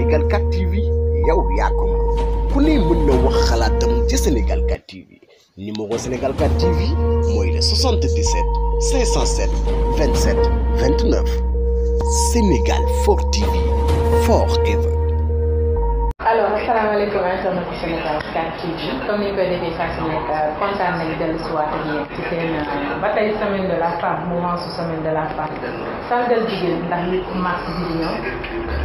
Sénégal 4 TV yow yaa ko ku ne mën na wax xalaatam ci Sénégal 4 TV numéro Sénégal 4 TV il le 77 507 27 29 Sénégal 4 TV forever. alors salam asalaamaaleykum asalaamaaleykum Sénégal 4 TV comme ni ñu koy defee saa su nekk kontaan nañu dellu si waat ci seen euh, semaine de la femme mouvement sous semaine de la femme sargal jigéen ndax 8 mars bi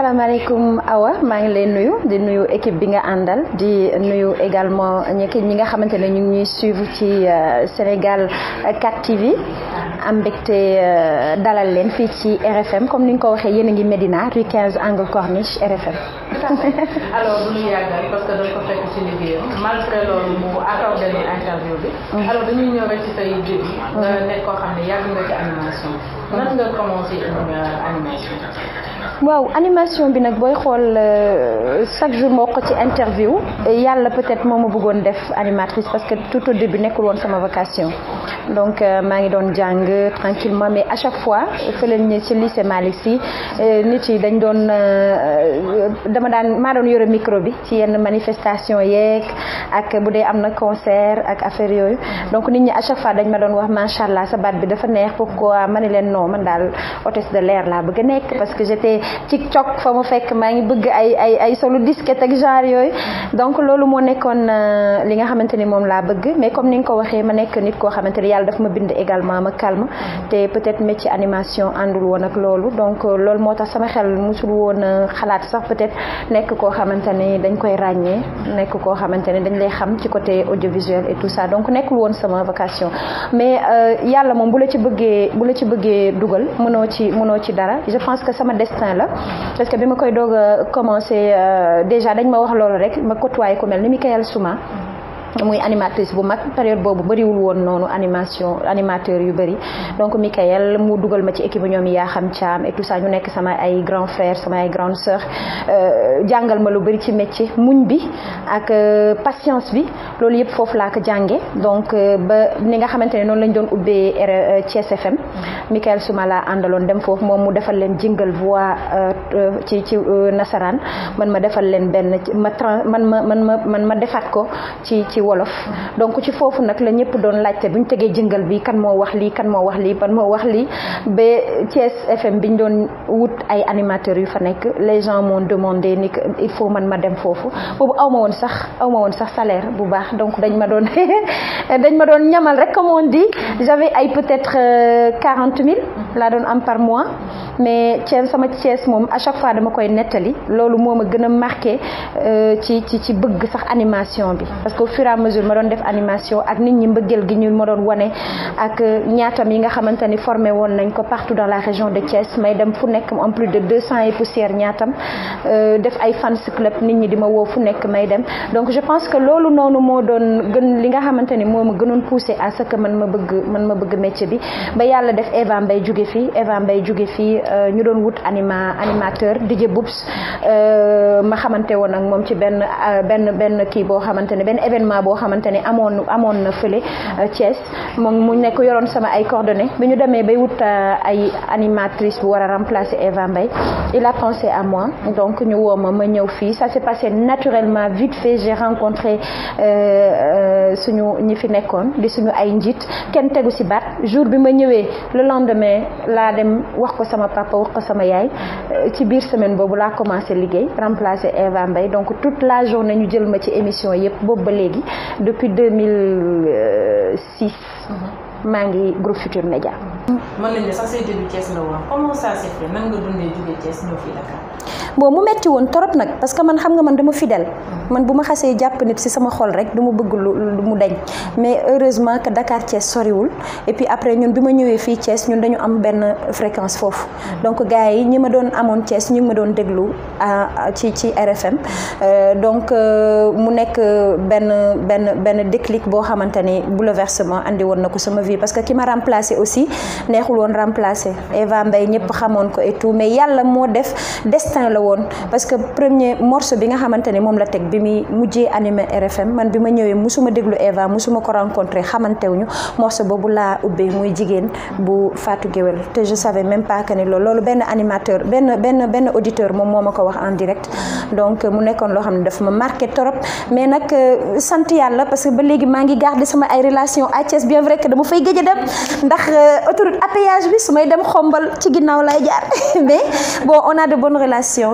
alaikum Awa ma ngi len nuyu di nuyu équipe bi nga andal di nuyu également ñi nga xamantene ñu ngi ñuy suivre ci euh, Sénégal 4 euh, TV am mbégte euh, dalal leen fi ci RFM comme niñ ko waxé yene ngi Medina rue 15 angle Corniche RFM. alors bu ñu yàggal parce que dañ ko fekk ci liggéeyam malgré lolu mu accordé leen interview bi. Mm. alors dañuy ñëw rek ci tay début. Mm. nga nekk ko xamné ne yàgg nga ci animation. nan nga commencé animation waaw animation bi nag booy xool euh, chaque jour moo ko ci interview yàlla peut-être moo ma def animatrice parce que tout au début nekkul woon sama vocation donc euh, maa ngi doon jàng tranquillement mais à chaque fois fële ñu ci lycée Malick Sy euh, nit yi dañ doon dama daan maa doon yore micro bi ci yenn manifestation yeeg ak bu dee am concert ak affaire yooyu donc nit ñi à chaque fois dañ ma doon wax macha allah sa baat bi dafa neex pourquoi ma ne leen non man daal hôtesse de l'air laa bëgg a nekk parce que j'étais TikTok fa mu fekk ma ngi bëgg ay ay ay solo disquette ak genre yoy donc loolu mo nekkoon euh, li nga xamanteni mom la bëgg mais comme ni nga ko waxee ma nekk nit ko xamanteni yalla yàlla daf ma bind également ma calme té peut-être métier animation andul won ak loolu donc euh, loolu motax sama xel musul won euh, xalaat sax peut-être nekk ko xamanteni dañ koy ragné nekk ko xamanteni dañ lay xam ci côté audiovisuel et tout ça donc nekkul won sama vocation mais yalla mom bu la ci bëggé bu la ci bëggé dugal mëno ci mëno ci dara je pense que sama destin parce que je koy euh, déjà dañ ma wax me rek ma Souma muy animatrice bu mag période boobu bëriwul woon noonu animation animateur yu bëri donc Michael mu dugal ma ci équipe ñoom yaa xam caam et tout ça ñu nekk sama ay grand frère sama ay grande sœur euh, jàngal ma lu bëri ci métier muñ bi ak euh, patience bi loolu yëpp foofu laa ko jànge donc euh, ba ni nga xamante ne noonu lañ doon ubbee Thiès FM Michael suma laa àndaloon dem foofu moom mu defal leen jingle voix ci ci nasaraan man ma defal leen benn ma man ma wolof donc ci fofu que la ñepp doon bi kan wax kan wax wax les gens m'ont demandé il faut man ma dem fofu bobu awma won sax salaire donc dañ ma doon dañ ma doon j'avais peut-être euh, quarante mille par mois mais Thiès sama Thiès mom à chaque fois dama koy netali loolu moma gëna marqué euh marqué ci ci ci bëgg sax animation bi parce que au fur et à mesure ma don def animation ak nit ñi mbëggeel gi ñu ma don wane ak euh, ñaatam yi nga xamante formé won nañ ko partout dans la région de Thiès may dem fu nekk en plus de 200 cent ñaatam euh def ay fans club nit ñi di ma woo fu nekk may dem donc je pense que loolu nonu mo don gën li nga xamante moma moo ma gënoon poussé à ce que man ma bëgg man ma bëgg métier bi ba yalla def Eva Mbaye jugé fi Eva Mbaye jugé fi euh, ñu doon wut anima animateur DJ Boops euh, ma xamanté won ak mom ci ben euh, ben ben ki bo xamante ben événement bo xamante amone amone amoon na fële Thiès moom mu nekk yoron sama ay coordonnées biñu démé bay wut ay animatrice bu wara remplacer Eva Mbaye il a pensé à moi donc ñu woma ma ñëw fi ça s'est passé naturellement vite fait j'ai rencontré suñu ñi fi nekkoon di suñu ay njiit kenn tegu ci baat jour bi ma ñëwé le lendemain la dem wax ko sama papa wax ko sama yaay euh, ci biir semaine boobu laa commencé liggéey remplacer Eva Mbaye donc toute la journée ñu jël ma ci émission yépp boobu ba léegi depuis 2006. maa ngi groupe Futur Média. mën nañu ne sax say début Thiès la woon comment ça s'est fait nan nga dundee jógee Thiès ñëw fii Dakar bon mu metti won torop nag parce que man xam nga man dama fidèle man buma xasse japp jàpp nit si sama xol rek du bëgg lu mu dañ mais heureusement que Dakar Thiès soriwul et puis après ñun bima ñëwé fi fii Thiès ñun dañu am ben fréquence foofu donc gaay yi ñima ma doon amoon Thiès ñu ngi ma doon déglu ci ci RFM euh, donc euh, mu nekk ben ben ben déclic bo xamante bouleversement andi woon na sama vie parce que ki ma remplacé aussi neexul won remplacer Eva Mbaye ñëpp xamone ko et tout mais yalla mo def destin la parce que premier morceau bi nga xamantene mom la tek bi mi mujjé animé RFM man bima ñëwé musuma déglu Eva musuma ko xamanté wuñu morceau bobu la ubbee muy jigen bu Fatou Guewel te je savais même pas que né lolu lolu ben animateur ben ben ben auditeur mom momako wax en direct donc mu nekkoon lo xamné daf ma marqué trop mais nak euh, sante Yalla parce que ba légui ma ngi garder sama ay relation à Thiès bien vrai que dama fay gëj dem ndax euh, autoroute à bi sumay dem xombal ci ginnaw lay jaar mais bon on a de bonnes relations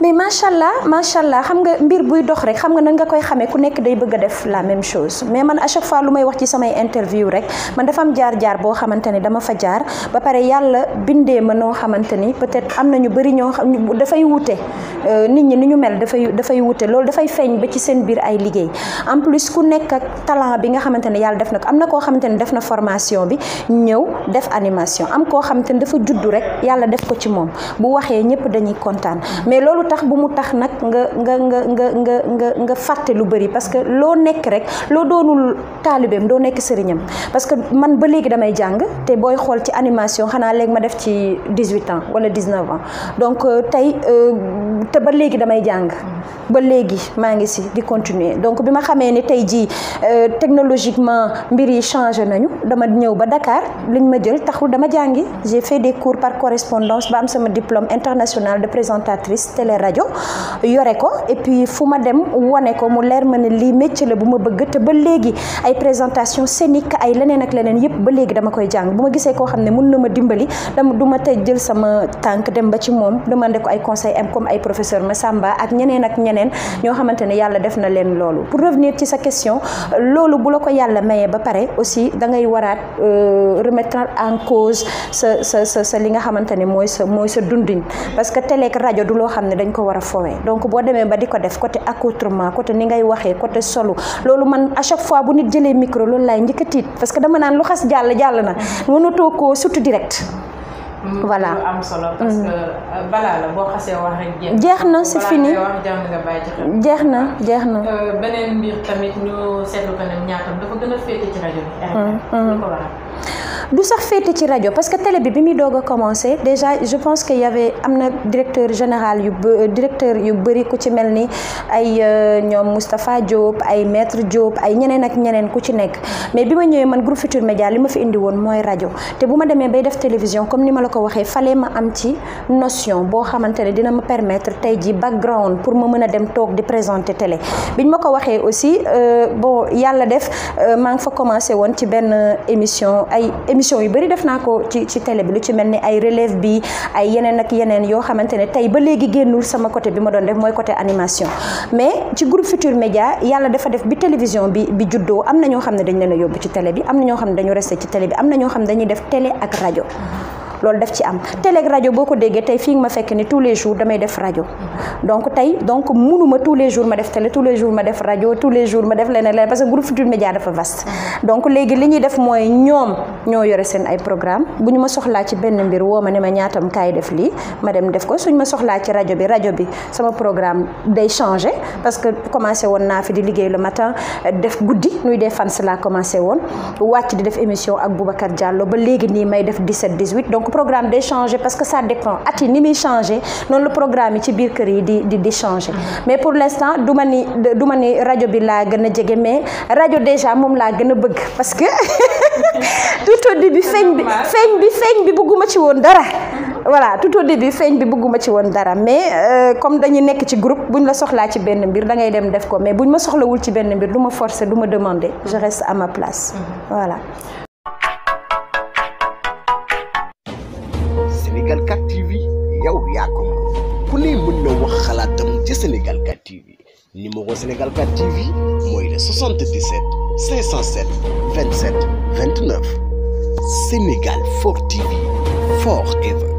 mais machallah machallah xam nga mbir buy dox rek xam nga nan nga koy xamé ku nek day bëgg def la même chose mais man à chaque fois lumay wax ci samay interview rek man dafa am jaar jaar bo xamanteni dama fa jaar ba paré yalla bindé ma no xamanteni peut être am ñu bëri ñoo xam fay wuté euh, nit ñi ni ñu mel fay wuté lool da fay feeñ ba ci seen bir ay liggéey en plus ku nek ak talent bi nga xamanteni yalla def nak amna ko am def na formation bi ñew def animation am ko xamanteni dafa juddu rek yalla def ko ci mom bu waxé ñëpp dañuy contane mais loolu tax bu mu tax nak nga nga nga nga nga nga nga fàtte lu bari parce que lo nek rek lo doonul talibem do nek serignam parce que man ba léegi damay jang te boy xol ci animation xana léegi ma def ci dix-huit ans wala dix-neuf ans donc euh, tey euh, te ba léegi damay jang ba léegi ma ngi si di continuer donc bima ma xamee tay ji jii euh, technologiquement mbiri changer changé nañu dama ñëw ba Dakar liñ ma jël taxul dama jangi j'ai fait des cours par correspondance ba am sama diplôme international de présentatrice télé rajo yore ko et puis fuma dem woné ko mu leer ma ne métier la buma ma bëgg te ba légui ay présentation scénique ay leneen ak leneen yépp ba légui dama koy jang buma ma ko xamné xam ne na ma dimbali dama duma ma jël sama tank dem ba ci mom demandé ko ay conseil am comme ay professeur Massamba ak ñenen ak ñenen ño xamante ne yàlla def na leen lolu pour revenir ci sa question lolu bu la ko yàlla mayee ba pare aussi da ngay euh, remettre en cause ce ce ce sa li nga xamante ne mooy sa moy sa dundin parce que télé ak radio du lo xamné ñu ko war a fowee donc boo demee ba di ko def côté accoutrement côté ni ngay waxee côté solo loolu man à chaque fois bu nit jëlee micro loolu laay njëkk parce que dama naan lu xas jàll jàll na mënatoo koo surtout direct voilà lu am solo parce que mm. euh, la boo xasee wax rek. jeex na c'est fini jeex na jeex na. Euh, beneen mbir du sax féete ci radio parce que télé bi bi muy doog a commencé déjà je pense qu'il y avait amna directeur général yu directeur yu bëri ku ci melni ay euh, ñom Moustapha Diop ay maître Diop ay ñeneen ak ñeneen ku ci nek mais bima ma man groupe Futur Média li ma fi indi won moy radio té buma démé bay def télévision comme ni ma la ko fallait ma am ci notion bo xamante dina ma permettre tay ji background pour ma mëna a dem toog di présenter télé biñ mako waxé aussi aussi euh, bon yalla def euh, maa ngi fa commencé won ci ben émission ay mission yu bëri def naa ko ci ci télé bi lu ci mel ni ay relève bi ay yeneen ak yeneen yoo xamante ne tey ba léegi génnul sama côté bi ma doon def mooy côté animation mais ci groupe Futur Média yàlla dafa def bi télévision bi bi juddoo am na ñoo xam ne dañ leen yóbbu ci télé bi am na ñoo xam ne dañu resté ci télé bi am na ñoo xam ne dañuy def télé ak rajo loolu daf ci am télé ak rajo boo ko déggee ma fekk ni tous les jours damay def radio. donc tay donc munuma tous les jours ma def télé tous les jours ma def radio, tous les jours ma def leneen parce que groupe futur média dafa vaste donc légui li ñuy def moy ñom ño yoré sen ay programme buñuma soxla ci benn mbir woo ma ne ma ñaatam kay def li ma dem def ko suñuma soxla ci radio bi radio bi sama programme day changer parce que commencé won na fi di liggéey le matin def goudi nuy dee fans la commencé won wacc di def émission ak Boubacar Diallo ba légui ni may def 17 18 donc programme d'échanger parce que ça dépend at ni changé non programme ci mais pour l'instant, do ni ni mais déjà mom la parce que tout au début bi bi bi bëgguma dara voilà tout au début dara mais euh, comme groupe la ci benn mbir def mais buñ ma ci benn mbir demander je reste à ma place mm-hmm. voilà Sénégal 4 TV yow yaa ku ne mën na wax xalaatam ci Sénégal 4 TV numéro Sénégal 4 TV mooy le 77 507 27 29 Sénégal 4 TV